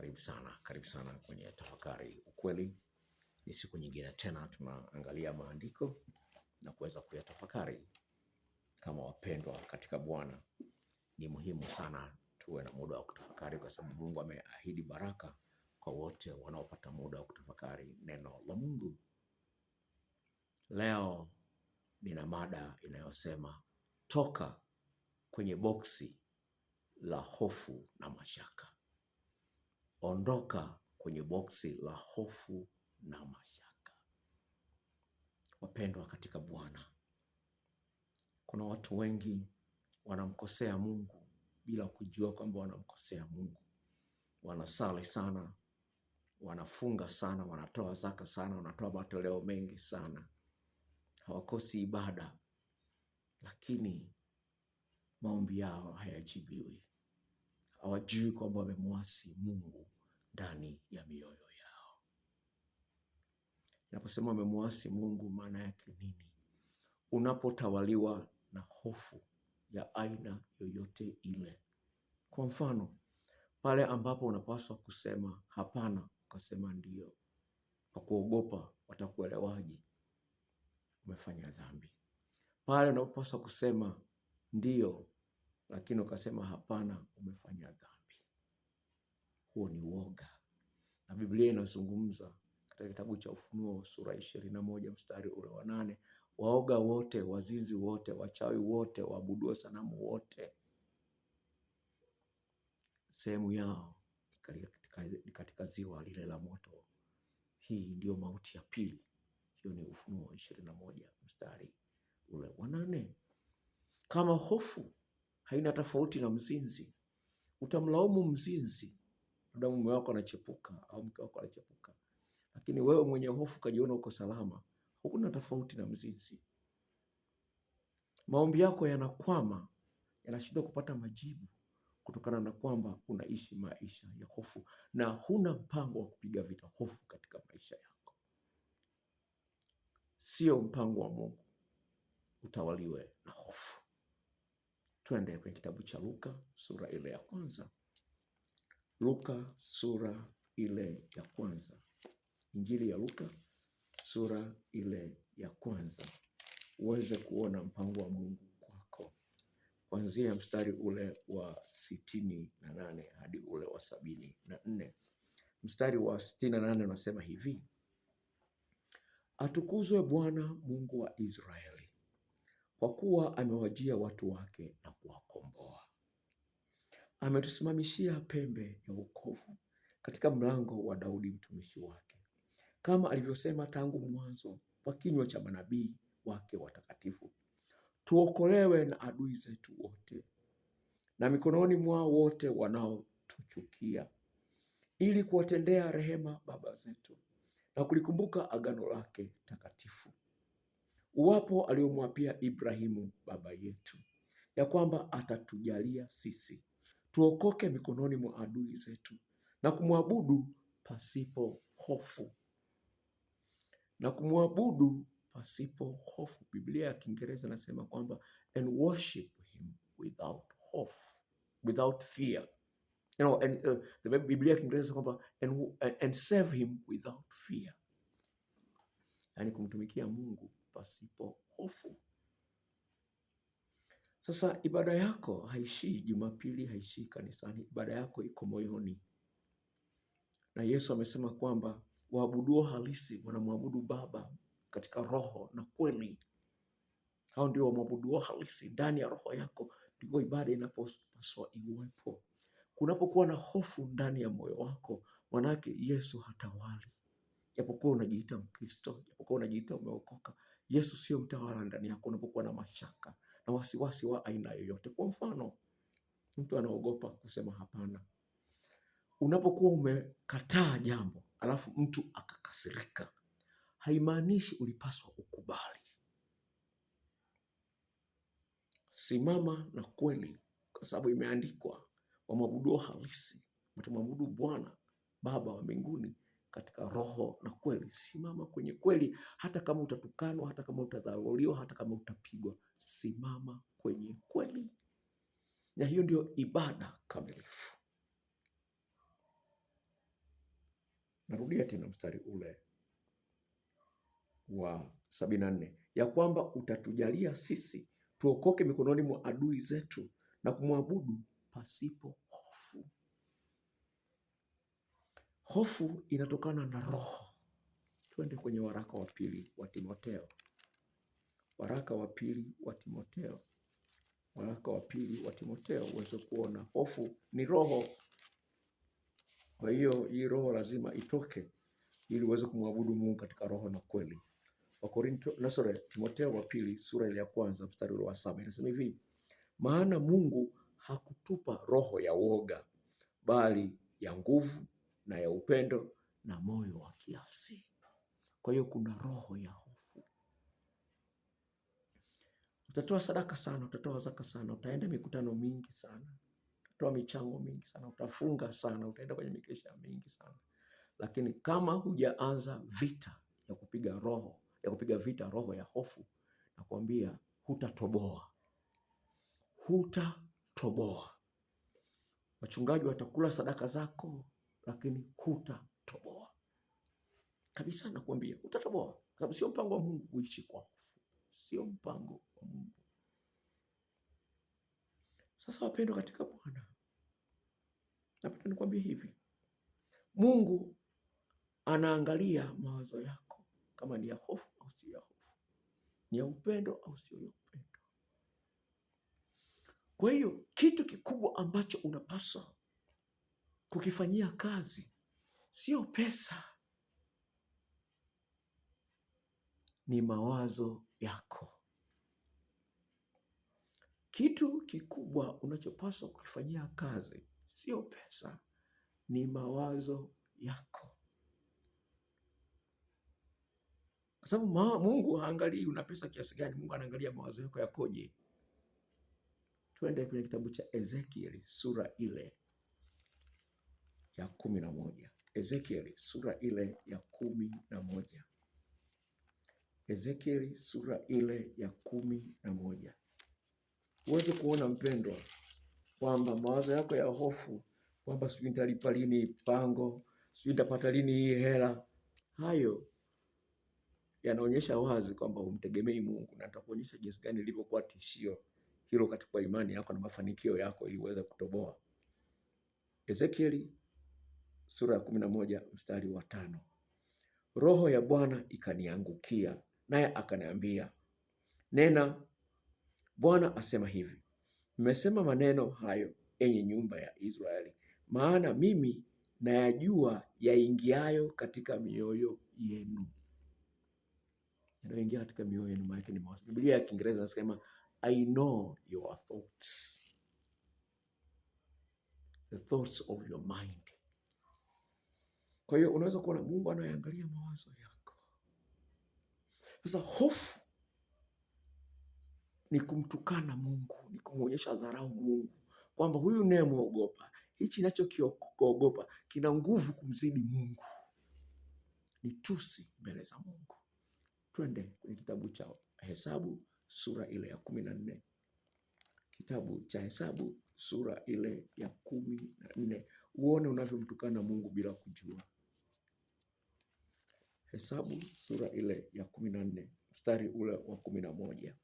Karibu sana, karibu sana kwenye tafakari ukweli. Ni siku nyingine tena tunaangalia maandiko na kuweza kuyatafakari kama wapendwa katika Bwana. Ni muhimu sana tuwe na muda wa kutafakari, kwa sababu Mungu ameahidi baraka kwa wote wanaopata muda wa kutafakari neno la Mungu. Leo nina mada inayosema toka kwenye boksi la hofu na mashaka. Ondoka kwenye boksi la hofu na mashaka. Wapendwa katika Bwana, kuna watu wengi wanamkosea Mungu bila kujua kwamba wanamkosea Mungu. Wanasali sana, wanafunga sana, wanatoa zaka sana, wanatoa matoleo mengi sana, hawakosi ibada, lakini maombi yao hayajibiwi hawajui kwamba wamemwasi Mungu ndani ya mioyo yao. Inaposema wamemwasi Mungu, maana yake nini? Unapotawaliwa na hofu ya aina yoyote ile, kwa mfano pale ambapo unapaswa kusema hapana ukasema ndio, kwa kuogopa watakuelewaje, umefanya dhambi. Pale unapaswa kusema ndio lakini ukasema hapana, umefanya dhambi. Huo ni woga, na Biblia inazungumza katika kitabu cha Ufunuo sura ishirini na moja mstari ule wa nane waoga wote, wazinzi wote, wachawi wote, waabuduo sanamu wote, sehemu yao ni katika ziwa lile la moto. Hii ndiyo mauti ya pili. Hiyo ni Ufunuo ishirini na moja mstari ule wa nane. Kama hofu haina tofauti na mzinzi. Utamlaumu mzinzi, labda mume wako anachepuka au mke wako anachepuka, lakini wewe mwenye hofu kajiona uko salama. Hukuna tofauti na mzinzi. Maombi yako yanakwama, yanashindwa kupata majibu kutokana na kwamba unaishi maisha ya hofu na huna mpango wa kupiga vita hofu katika maisha yako. Sio mpango wa Mungu utawaliwe na hofu. Twende kwenye kitabu cha Luka sura ile ya kwanza. Luka sura ile ya kwanza. Injili ya Luka sura ile ya kwanza, uweze kuona mpango wa Mungu kwako kuanzia mstari ule wa sitini na nane hadi ule wa sabini na nne. Mstari wa sitini na nane unasema hivi: atukuzwe Bwana Mungu wa Israeli, kwa kuwa amewajia watu wake na kuwakomboa. Ametusimamishia pembe ya wokovu katika mlango wa Daudi mtumishi wake, kama alivyosema tangu mwanzo kwa kinywa cha manabii wake watakatifu, tuokolewe na adui zetu wote na mikononi mwao wote wanaotuchukia, ili kuwatendea rehema baba zetu na kulikumbuka agano lake takatifu uwapo aliyomwapia Ibrahimu baba yetu, ya kwamba atatujalia sisi tuokoke mikononi mwa adui zetu na kumwabudu pasipo hofu na kumwabudu pasipo hofu. Biblia ya Kiingereza nasema kwamba and worship him without hope, without fear you know, and, uh, the Biblia ya Kiingereza kwamba and, and serve him without fear, yani kumtumikia Mungu pasipo hofu. Sasa ibada yako haishii Jumapili, haishii kanisani, ibada yako iko moyoni. Na Yesu amesema kwamba waabuduo halisi wanamwabudu Baba katika roho na kweli. Hao ndio wamwabuduo halisi. Ndani ya roho yako ndipo ibada inapopaswa iwepo. Kunapokuwa na hofu ndani ya moyo wako, manake Yesu hatawali. Japokuwa unajiita Mkristo, japokuwa unajiita umeokoka Yesu sio mtawala ndani yako unapokuwa na mashaka na wasiwasi wa aina yoyote. Kwa mfano, mtu anaogopa kusema hapana. Unapokuwa umekataa jambo alafu mtu akakasirika, haimaanishi ulipaswa ukubali. Simama na kweli, kwa sababu imeandikwa, wamwabuduo halisi watamwabudu Bwana Baba wa mbinguni katika roho na kweli. Simama kwenye kweli, hata kama utatukanwa, hata kama utadharauliwa, hata kama utapigwa, simama kwenye kweli, na hiyo ndio ibada kamilifu. Narudia tena mstari ule wa sabini na nne ya kwamba utatujalia sisi tuokoke mikononi mwa adui zetu na kumwabudu pasipo hofu. Hofu inatokana na roho. Twende kwenye waraka wa pili wa Timotheo, waraka wa pili wa Timotheo, waraka wa pili wa Timotheo uweze kuona hofu ni roho. Kwa hiyo hii roho lazima itoke ili uweze kumwabudu Mungu katika roho na kweli. Wakorinto na sura Timotheo wa pili sura ile ya kwanza mstari wa saba inasema hivi, maana Mungu hakutupa roho ya woga, bali ya nguvu na ya upendo na moyo wa kiasi. Kwa hiyo kuna roho ya hofu. Utatoa sadaka sana, utatoa zaka sana, utaenda mikutano mingi sana, utatoa michango mingi sana, utafunga sana, utaenda kwenye mikesha mingi sana, lakini kama hujaanza vita ya kupiga roho ya kupiga vita roho ya hofu, nakwambia hutatoboa, hutatoboa. Wachungaji watakula sadaka zako, lakini hutatoboa kabisa. Nakwambia hutatoboa, sababu sio mpango wa Mungu kuishi kwa hofu, sio mpango wa Mungu. Sasa wapendwa katika Bwana, napenda nikwambie hivi, Mungu anaangalia mawazo yako kama ni ya hofu au sio ya hofu, ni ya upendo au sio ya upendo. Kwa hiyo kitu kikubwa ambacho unapaswa kukifanyia kazi, sio pesa, ni mawazo yako. Kitu kikubwa unachopaswa kukifanyia kazi sio pesa, ni mawazo yako, kwa sababu Mungu haangalii una pesa kiasi gani. Mungu anaangalia mawazo yako yakoje. Tuende kwenye kitabu cha Ezekieli sura ile ya kumi na moja Ezekieli sura ile ya kumi na moja Ezekieli sura ile ya kumi na moja huwezi kuona mpendwa, kwamba mawazo yako ya hofu kwamba sijui nitalipa lini pango, sijui nitapata lini hii hela, hayo yanaonyesha wazi kwamba humtegemei Mungu, na nitakuonyesha jinsi gani ilivyokuwa tishio hilo katika imani yako na mafanikio yako ili uweze kutoboa. Ezekieli sura ya kumi na moja mstari wa tano. Roho ya Bwana ikaniangukia naye akaniambia, nena, Bwana asema hivi, mmesema maneno hayo, enye nyumba ya Israeli, maana mimi nayajua yaingiayo katika mioyo yenu. Yanayoingia katika mioyo yenu maana ni mawazo. Biblia ya Kiingereza inasema I know your thoughts. The thoughts of your mind. Kwa hiyo unaweza kuona Mungu anayeangalia mawazo yako. Sasa hofu ni kumtukana Mungu, ni kumwonyesha dharau Mungu kwamba huyu naye mwogopa, hichi nachokiogopa kina nguvu kumzidi Mungu. Ni tusi mbele za Mungu. Twende kwenye kitabu cha Hesabu sura ile ya kumi na nne kitabu cha Hesabu sura ile ya kumi na nne uone unavyomtukana Mungu bila kujua. Hesabu sura ile ya kumi na nne mstari ule wa kumi na moja.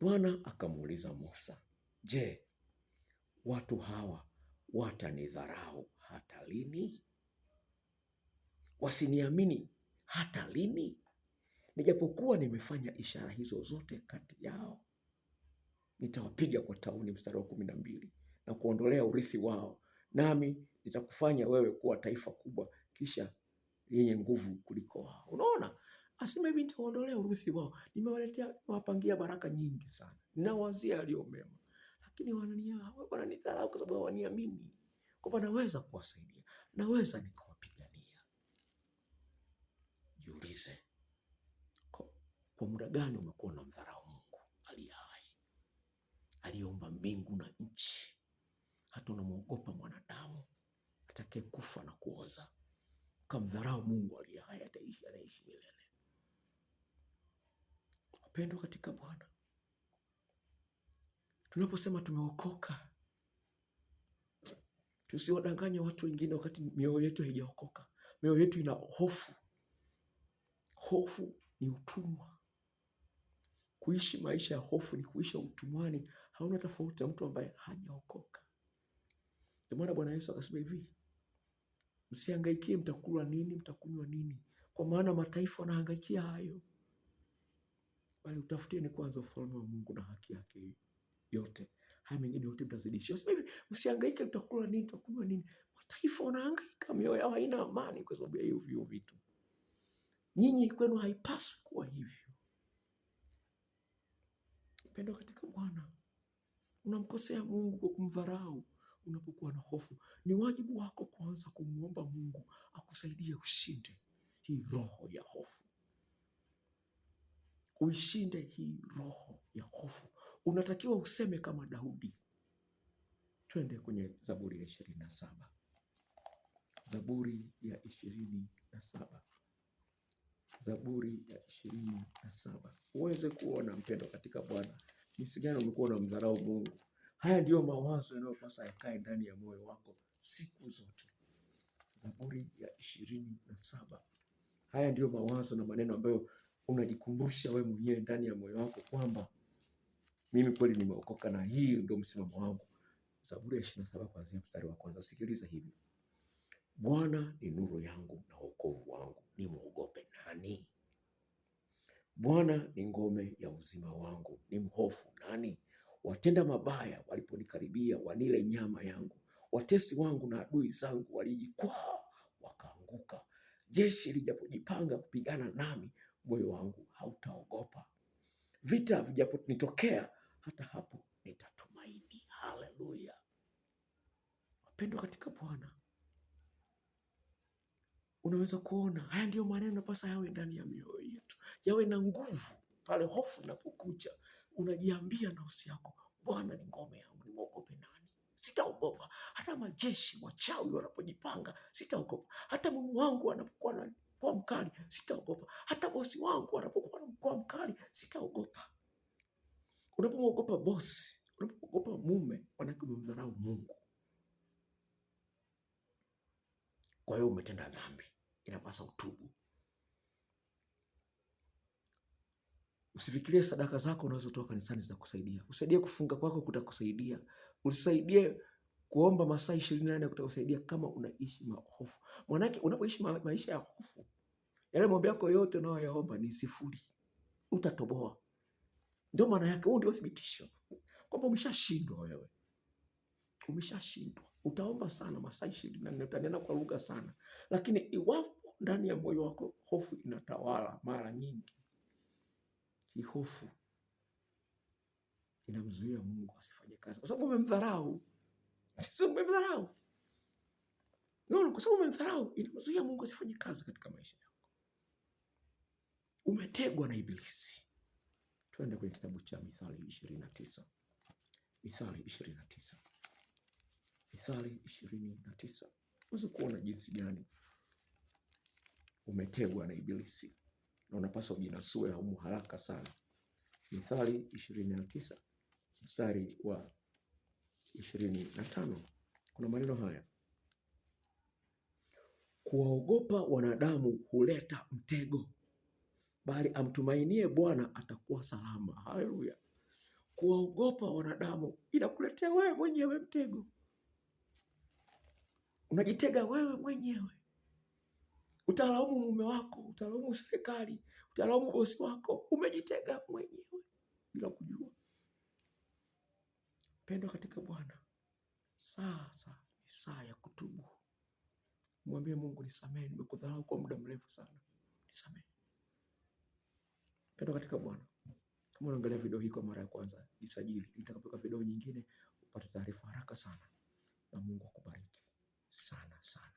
Bwana akamuuliza Musa, je, watu hawa watanidharau hata lini? Wasiniamini hata lini, nijapokuwa nimefanya ishara hizo zote kati yao? Nitawapiga kwa tauni, mstari wa kumi na mbili, na kuondolea urithi wao, nami nitakufanya wewe kuwa taifa kubwa, kisha yenye nguvu kuliko wao. Unaona, asema hivi, nitaondolea urithi wao, nimewaletea, nimewapangia baraka nyingi sana, ninawazia yaliyo mema, lakini wananidharau kwa sababu hawaniamini kwamba naweza kuwasaidia, naweza nikawapigania. Jiulize, kwa muda gani umekuwa na mdharau Mungu aliye hai, aliyeumba mbingu na nchi? Hata unamwogopa mwanadamu atakayekufa na kuoza kamdharau Mungu aliye hai ataishi, anaishi milele. Wapendwa katika Bwana, tunaposema tumeokoka, tusiwadanganye watu wengine wakati mioyo yetu haijaokoka. Mioyo yetu ina hofu. Hofu ni utumwa. Kuishi maisha ya hofu ni kuisha utumwani. Hauna tofauti na mtu ambaye hajaokoka. Ndio maana Bwana Yesu akasema hivi Msihangaikie mtakula nini, mtakunywa nini, kwa maana mataifa wanahangaikia hayo, bali utafutieni kwanza ufalme wa Mungu na haki yake, yote haya mengine yote mtazidishiwa. Sasa hivi, msihangaike mtakula nini, mtakunywa nini. Mataifa wanahangaika, mioyo yao haina amani kwa sababu ya hivyo vitu. Nyinyi kwenu haipaswi kuwa hivyo. Mpendwa katika Bwana, unamkosea Mungu kwa kumdharau unapokuwa na hofu, ni wajibu wako kuanza kumwomba Mungu akusaidie ushinde hii roho ya hofu, uishinde hii roho ya hofu. Unatakiwa useme kama Daudi. Twende kwenye Zaburi ya ishirini na saba. Zaburi ya ishirini na saba. Zaburi ya ishirini na saba, uweze kuona mpendo katika Bwana jinsi gani umekuwa na mdharau Mungu. Haya ndiyo mawazo yanayopasa yakae ndani ya moyo wako siku zote. Zaburi ya ishirini na saba. Haya ndiyo mawazo na maneno ambayo unajikumbusha wewe mwenyewe ndani ya moyo wako kwamba mimi kweli nimeokoka na hii ndio msimamo wangu. Zaburi ya ishirini na saba kuanzia mstari wa kwanza. Sikiliza hivi: Bwana ni nuru yangu na wokovu wangu, nimwogope nani? Bwana ni ngome ya uzima wangu, ni mhofu nani? Watenda mabaya waliponikaribia wanile nyama yangu, watesi wangu na adui zangu walijikwaa wakaanguka. Jeshi lijapojipanga kupigana nami, moyo wangu hautaogopa. Vita vijaponitokea, hata hapo nitatumaini. Haleluya! Wapendwa katika Bwana, unaweza kuona haya ndiyo maneno pasa yawe ndani ya mioyo yetu, yawe na nguvu pale hofu inapokuja unajiambia nafsi yako, Bwana ni ngome yangu, nimwogope nani? Sitaogopa hata majeshi wachawi wanapojipanga, sitaogopa hata mume wangu anapokuwa na mkwa mkali, sitaogopa hata bosi wangu anapokuwa na mkwa mkali, sitaogopa. Unapomwogopa bosi, unapomwogopa mume, manake umemdharau Mungu. Kwa hiyo umetenda dhambi, inapasa utubu. Usifikirie sadaka zako unazotoa kanisani zitakusaidia. Usaidie kufunga kwako kutakusaidia. Usaidie kuomba masaa ishirini nane kutakusaidia kama unaishi mahofu. Mwanake unapoishi ma maisha ya hofu, yale maombi yako yote unayoyaomba ni sifuri. Utatoboa. Ndio maana yake huo ndio thibitisho kwamba umeshashindwa wewe. Umeshashindwa. Utaomba sana masaa ishirini 24, utanena kwa lugha sana. Lakini iwapo ndani ya moyo wako hofu inatawala mara nyingi hii hofu inamzuia Mungu asifanye kazi, kwa sababu umemdharau. Umemdharau, naona, kwa sababu umemdharau inamzuia Mungu asifanye kazi katika maisha yako. Umetegwa na Ibilisi. Tuende kwenye kitabu cha Mithali ishirini na tisa. Mithali ishirini na tisa. Mithali ishirini na tisa. Uweze kuona jinsi gani umetegwa na Ibilisi na unapaswa ujinasue humu haraka sana. Mithali ishirini na tisa mstari wa ishirini na tano kuna maneno haya: kuwaogopa wanadamu huleta mtego, bali amtumainie Bwana atakuwa salama. Haleluya! Kuwaogopa wanadamu inakuletea wewe mwenyewe mtego, unajitega wewe mwenyewe. Utalaumu mume wako, utalaumu serikali, utalaumu bosi wako. Umejitega mwenyewe bila kujua. Pendwa katika Bwana, sasa ni saa ya kutubu. Mwambie Mungu, nisamehe, nimekudharau kwa muda mrefu sana, nisamehe. Pendwa katika Bwana, kama unaangalia video hii kwa mara ya kwanza, jisajili. Nitakapotoka video nyingine upate taarifa haraka sana, na Mungu akubariki sana sana.